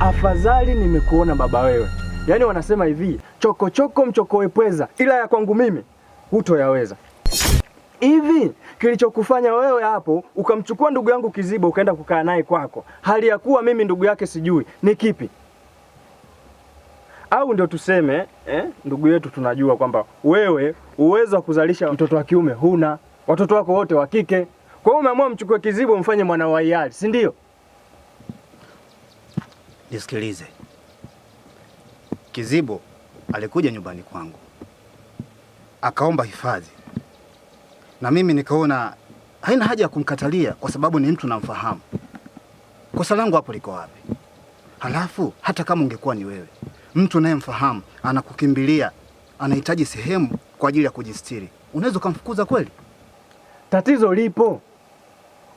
Afadhali nimekuona baba wewe. Yaani wanasema hivi, chokochoko mchokoe pweza, ila ya kwangu mimi hutoyaweza hivi kilichokufanya wewe hapo ukamchukua ndugu yangu Kiziba ukaenda kukaa naye kwako, hali ya kuwa mimi ndugu yake sijui ni kipi? Au ndio tuseme eh, ndugu yetu tunajua kwamba wewe uwezo wa kuzalisha mtoto wa kiume huna, watoto wako wote wa kike. Kwa hiyo umeamua mchukue Kiziba umfanye mwana wa hiari, si ndio? Nisikilize, Kizibo alikuja nyumbani kwangu akaomba hifadhi na mimi nikaona haina haja ya kumkatalia kwa sababu ni mtu namfahamu. Kosa langu hapo liko wapi? Halafu hata kama ungekuwa ni wewe, mtu unayemfahamu anakukimbilia, anahitaji sehemu kwa ajili ya kujistiri, unaweza ukamfukuza kweli? Tatizo lipo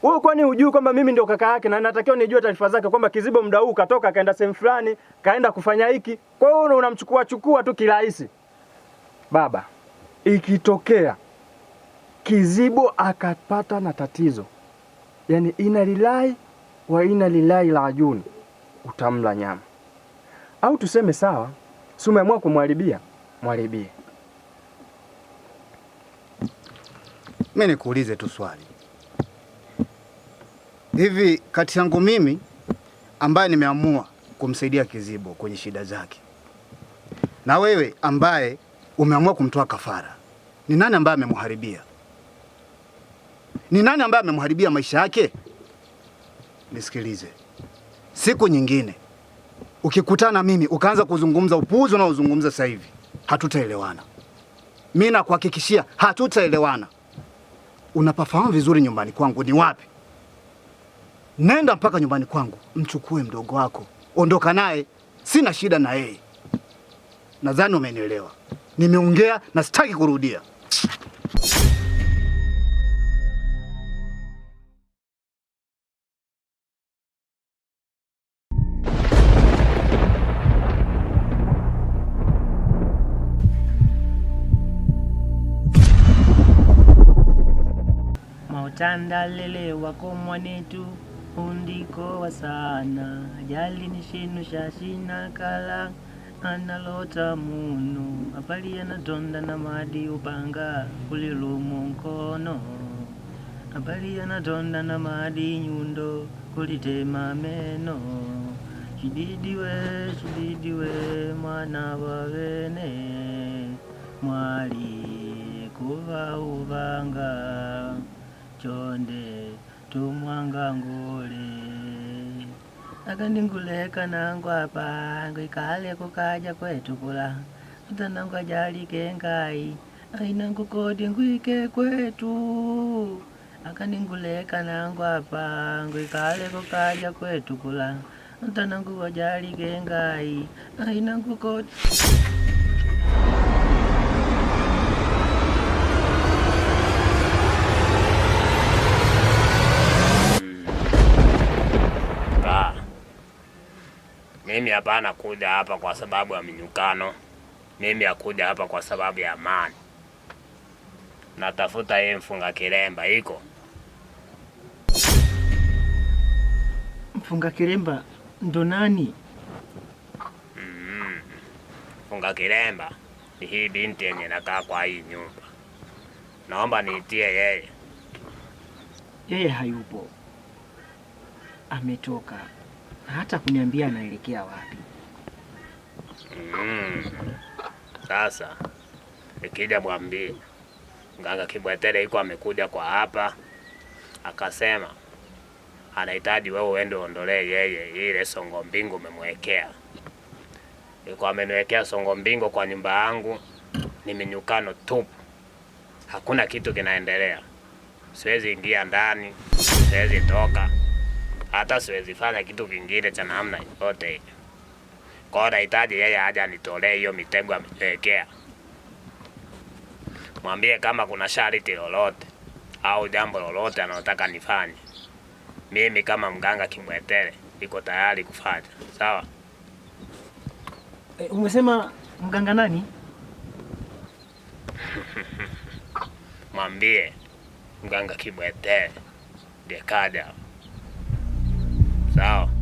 wewe, kwani hujui kwamba mimi ndio kaka yake na natakiwa nijue taarifa zake kwamba Kizibo muda huu katoka kaenda sehemu fulani, kaenda kufanya hiki. Kwa hiyo unamchukua chukua tu kirahisi. Baba, ikitokea Kizibo akapata na tatizo, yaani ina lilahi wa ina lilahi la ajuni, utamla nyama au tuseme sawa, si umeamua kumwharibia, mwaribie. Mimi nikuulize tu swali hivi, kati yangu mimi ambaye nimeamua kumsaidia Kizibo kwenye shida zake na wewe ambaye umeamua kumtoa kafara, ni nani ambaye amemharibia? Ni nani ambaye amemharibia maisha yake? Nisikilize, siku nyingine ukikutana mimi ukaanza kuzungumza upuuzi unaozungumza sasa hivi, hatutaelewana. Mimi nakuhakikishia hatutaelewana. Unapafahamu vizuri nyumbani kwangu ni wapi. Nenda mpaka nyumbani kwangu, mchukue mdogo wako, ondoka naye, sina shida na yeye. Nadhani umenielewa. Nimeongea na sitaki kurudia. tandalelewa ko mwanetu undikowa sana jali ni shinu sha shina kala analota munu apali anatonda na madi upanga kulilumu nkono apali anatonda na madi nyundo kulitema meno chididiwe shididiwe mwana wawene mwali kuva uvanga chonde tumwanga ngule akandinguleka nangu apa ngwikale kukaja kwetu kula utanangu ajalike ngai ainangu kodi ngwike kwetu akandinguleka nangu apa ngwikale kukaja kwetu kula utanangu ajalike ngai ainangu kodi mimi hapana kuja hapa kwa sababu ya minyukano, mimi hakuja hapa kwa sababu ya amani. Natafuta yeye mfunga kilemba iko mfunga kilemba ndo nani? Mm, mfunga kilemba ni hii binti yenye nakaa kwa hii nyumba. Naomba niitie yeye. Yeye hayupo, ametoka na hata kuniambia anaelekea wapi. Mm. Sasa nikija mwambie Mganga Kibwetere iko amekuja kwa hapa, akasema anahitaji wewe uende uondolee yeye ile songo mbingu umemwekea. Iko ameniwekea songo mbingu kwa nyumba yangu, ni minyukano tupu, hakuna kitu kinaendelea. Siwezi ingia ndani, siwezi toka hata siwezi fanya kitu kingine cha namna yote. Kwa hiyo nahitaji yeye aje anitolee hiyo mitego ameniwekea. Mwambie kama kuna sharti lolote au jambo lolote anataka nifanye, mimi kama mganga Kimwetele iko tayari kufanya. Sawa. E, umesema mganga nani? Mwambie mganga Kimwetele ndiye kaja Ciao.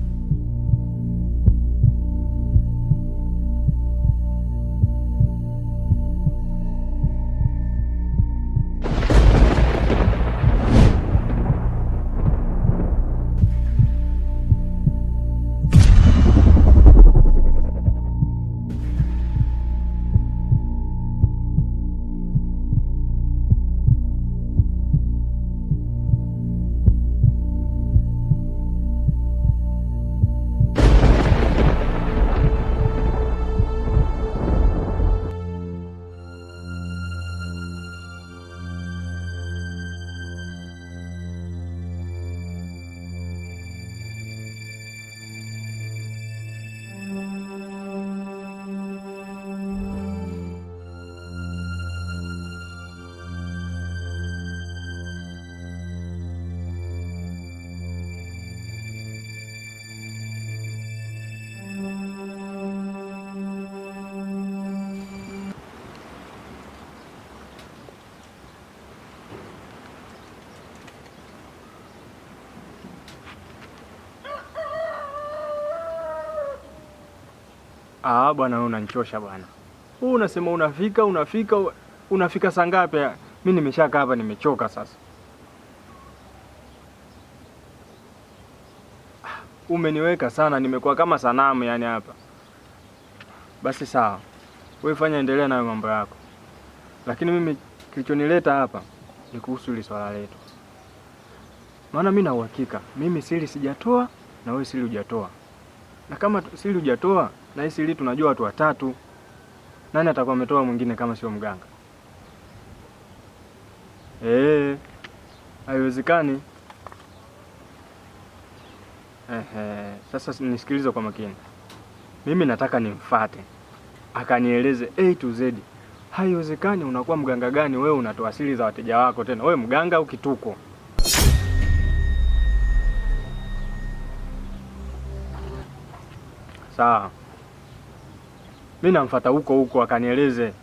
Ah, bwana wewe unanichosha bwana. Wewe unasema unafika, unafika, unafika saa ngapi? Mimi nimeshakaa hapa nimechoka sasa. Umeniweka sana, nimekuwa kama sanamu yani hapa. Basi sawa. Wewe fanya, endelea nayo mambo yako. Lakini mimi kilichonileta hapa ni kuhusu hili swala letu. Maana mimi na uhakika, mimi siri sijatoa na wewe siri hujatoa. Na kama siri hujatoa na hisi hili tunajua watu watatu. Nani atakuwa ametoa mwingine kama sio mganga? Eh, haiwezekani. Ehe, sasa nisikilize kwa makini. Mimi nataka nimfate akanieleze A to Z. Haiwezekani. Unakuwa mganga gani wewe, unatoa siri za wateja wako? Tena wewe mganga au kituko? Sawa mimi namfuata huko huko akanieleze.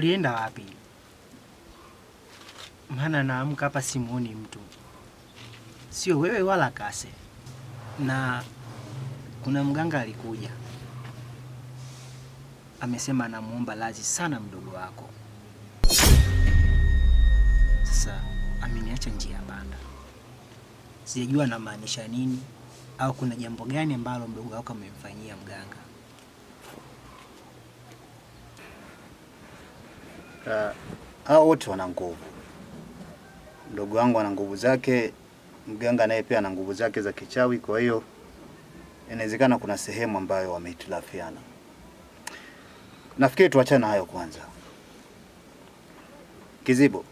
ulienda wapi? Maana naamka hapa simuoni mtu, sio wewe wala Kase, na kuna mganga alikuja amesema anamuomba lazi sana mdogo wako. Sasa ameniacha njia banda, sijajua anamaanisha nini au kuna jambo gani ambalo mdogo wako amemfanyia mganga. Uh, hao wote wana nguvu. Mdogo wangu ana nguvu zake, mganga naye pia ana nguvu zake za kichawi. Kwa hiyo inawezekana kuna sehemu ambayo wamehitilafiana. Nafikiri tuachane hayo kwanza. Kizibo,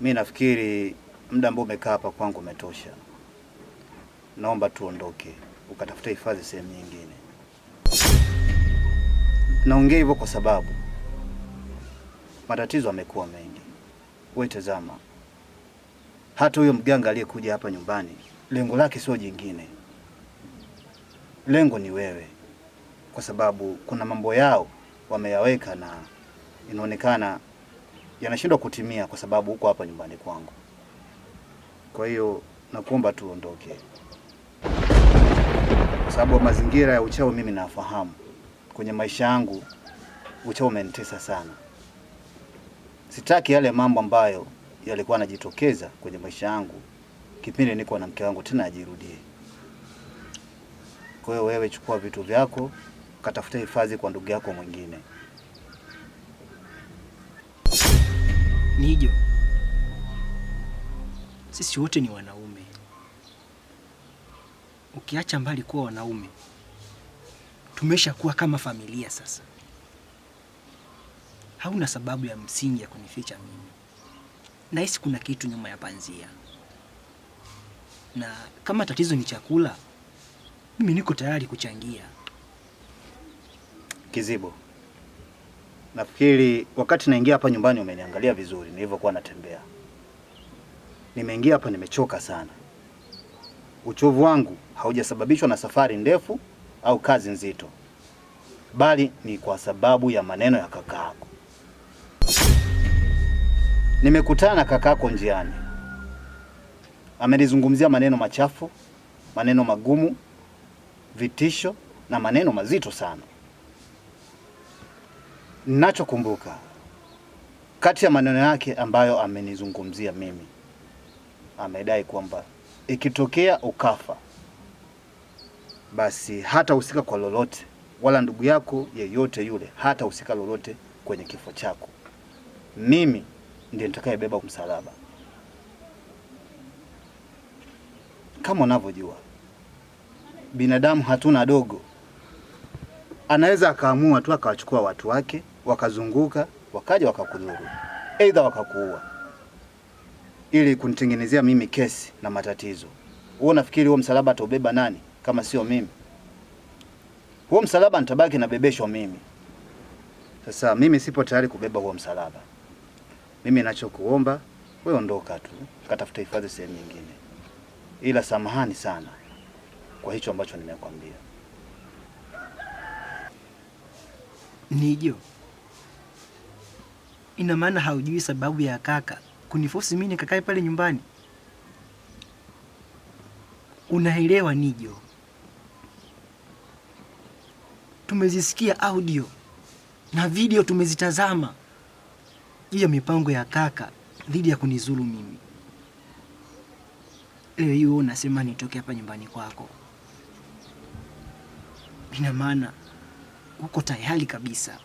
mi nafikiri muda ambao umekaa hapa kwangu umetosha. Naomba tuondoke ukatafuta hifadhi sehemu nyingine. Naongea hivyo kwa sababu matatizo amekuwa mengi. Wewe tazama, hata huyo mganga aliyekuja hapa nyumbani lengo lake sio jingine, lengo ni wewe, kwa sababu kuna mambo yao wameyaweka na inaonekana yanashindwa kutimia kwa sababu huko hapa nyumbani kwangu. Kwa hiyo nakuomba tu ondoke, kwa sababu mazingira ya uchawi mimi nafahamu. Kwenye maisha yangu uchawi umenitesa sana. Sitaki yale mambo ambayo yalikuwa yanajitokeza kwenye maisha yangu kipindi niko na mke wangu tena ajirudie. Kwa hiyo wewe chukua vitu vyako, katafuta hifadhi kwa ndugu yako mwingine. Nijo, sisi wote ni wanaume. Ukiacha mbali kuwa wanaume, tumeshakuwa kama familia sasa hauna sababu ya msingi ya kunificha mimi. Nahisi kuna kitu nyuma ya panzia, na kama tatizo ni chakula, mimi niko tayari kuchangia. Kizibo, nafikiri wakati naingia hapa nyumbani umeniangalia vizuri nilivyokuwa natembea. Nimeingia hapa nimechoka sana. Uchovu wangu haujasababishwa na safari ndefu au kazi nzito, bali ni kwa sababu ya maneno ya kakaako. Nimekutana na kakako njiani, amenizungumzia maneno machafu, maneno magumu, vitisho na maneno mazito sana. Ninachokumbuka kati ya maneno yake ambayo amenizungumzia mimi, amedai kwamba ikitokea ukafa, basi hata husika kwa lolote, wala ndugu yako yeyote yule hata husika lolote kwenye kifo chako. Mimi ndiye nitakayebeba msalaba kama unavyojua binadamu hatuna dogo. Anaweza akaamua tu akawachukua watu wake wakazunguka, wakaja wakakudhuru, aidha wakakuua, ili kunitengenezea mimi kesi na matatizo. Wewe unafikiri huo msalaba ataubeba nani kama sio mimi? Huo msalaba nitabaki nabebeshwa mimi. Sasa mimi sipo tayari kubeba huo msalaba. Mimi nachokuomba wewe, ondoka tu katafuta hifadhi sehemu nyingine, ila samahani sana kwa hicho ambacho nimekwambia. Nijo, ina maana haujui sababu ya kaka kunifosi mimi nikakae pale nyumbani? Unaelewa Nijo, tumezisikia audio na video tumezitazama ya mipango ya kaka dhidi ya kunizuru mimi. Leo hiyo unasema nitoke hapa nyumbani kwako, ina maana uko tayari kabisa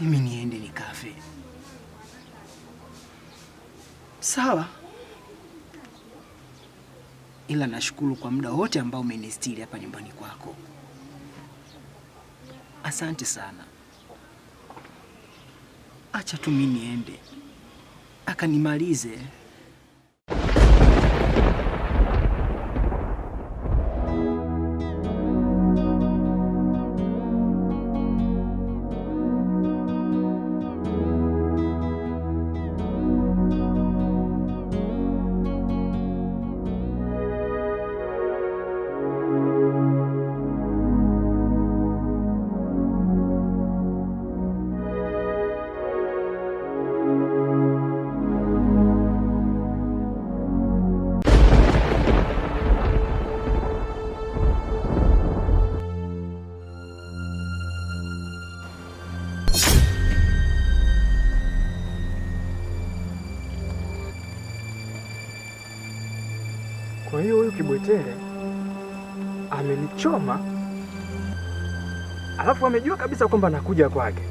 mimi niende nikafe. Sawa, ila nashukuru kwa muda wote ambao umenistiri hapa nyumbani kwako. Asante sana acha tu mimi niende akanimalize. amenichoma, alafu amejua kabisa kwamba nakuja kwake.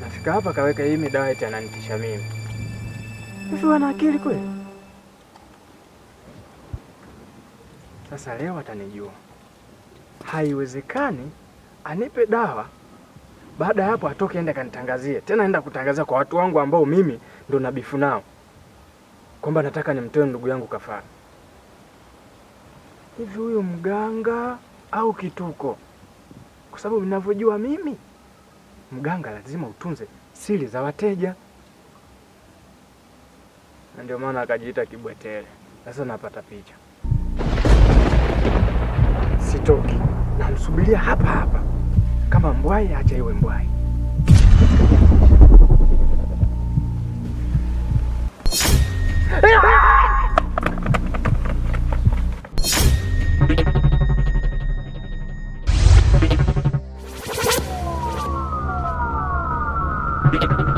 Nafika hapa kaweka hii midawa eti ananitisha mimi. Hivi wana akili kweli? Sasa leo atanijua. Haiwezekani anipe dawa baada ya hapo atoke ende akanitangazie tena, enda kutangazia kwa watu wangu ambao mimi ndo nabifu nao kwamba nataka nimtoe ndugu yangu kafara hivi huyu mganga au kituko? Kwa sababu ninavyojua mimi, mganga lazima utunze siri za wateja, na ndio maana akajiita Kibwetele. Sasa napata picha, sitoki, namsubiria hapa hapa. Kama mbwai, acha iwe mbwai. Ah! Thank you.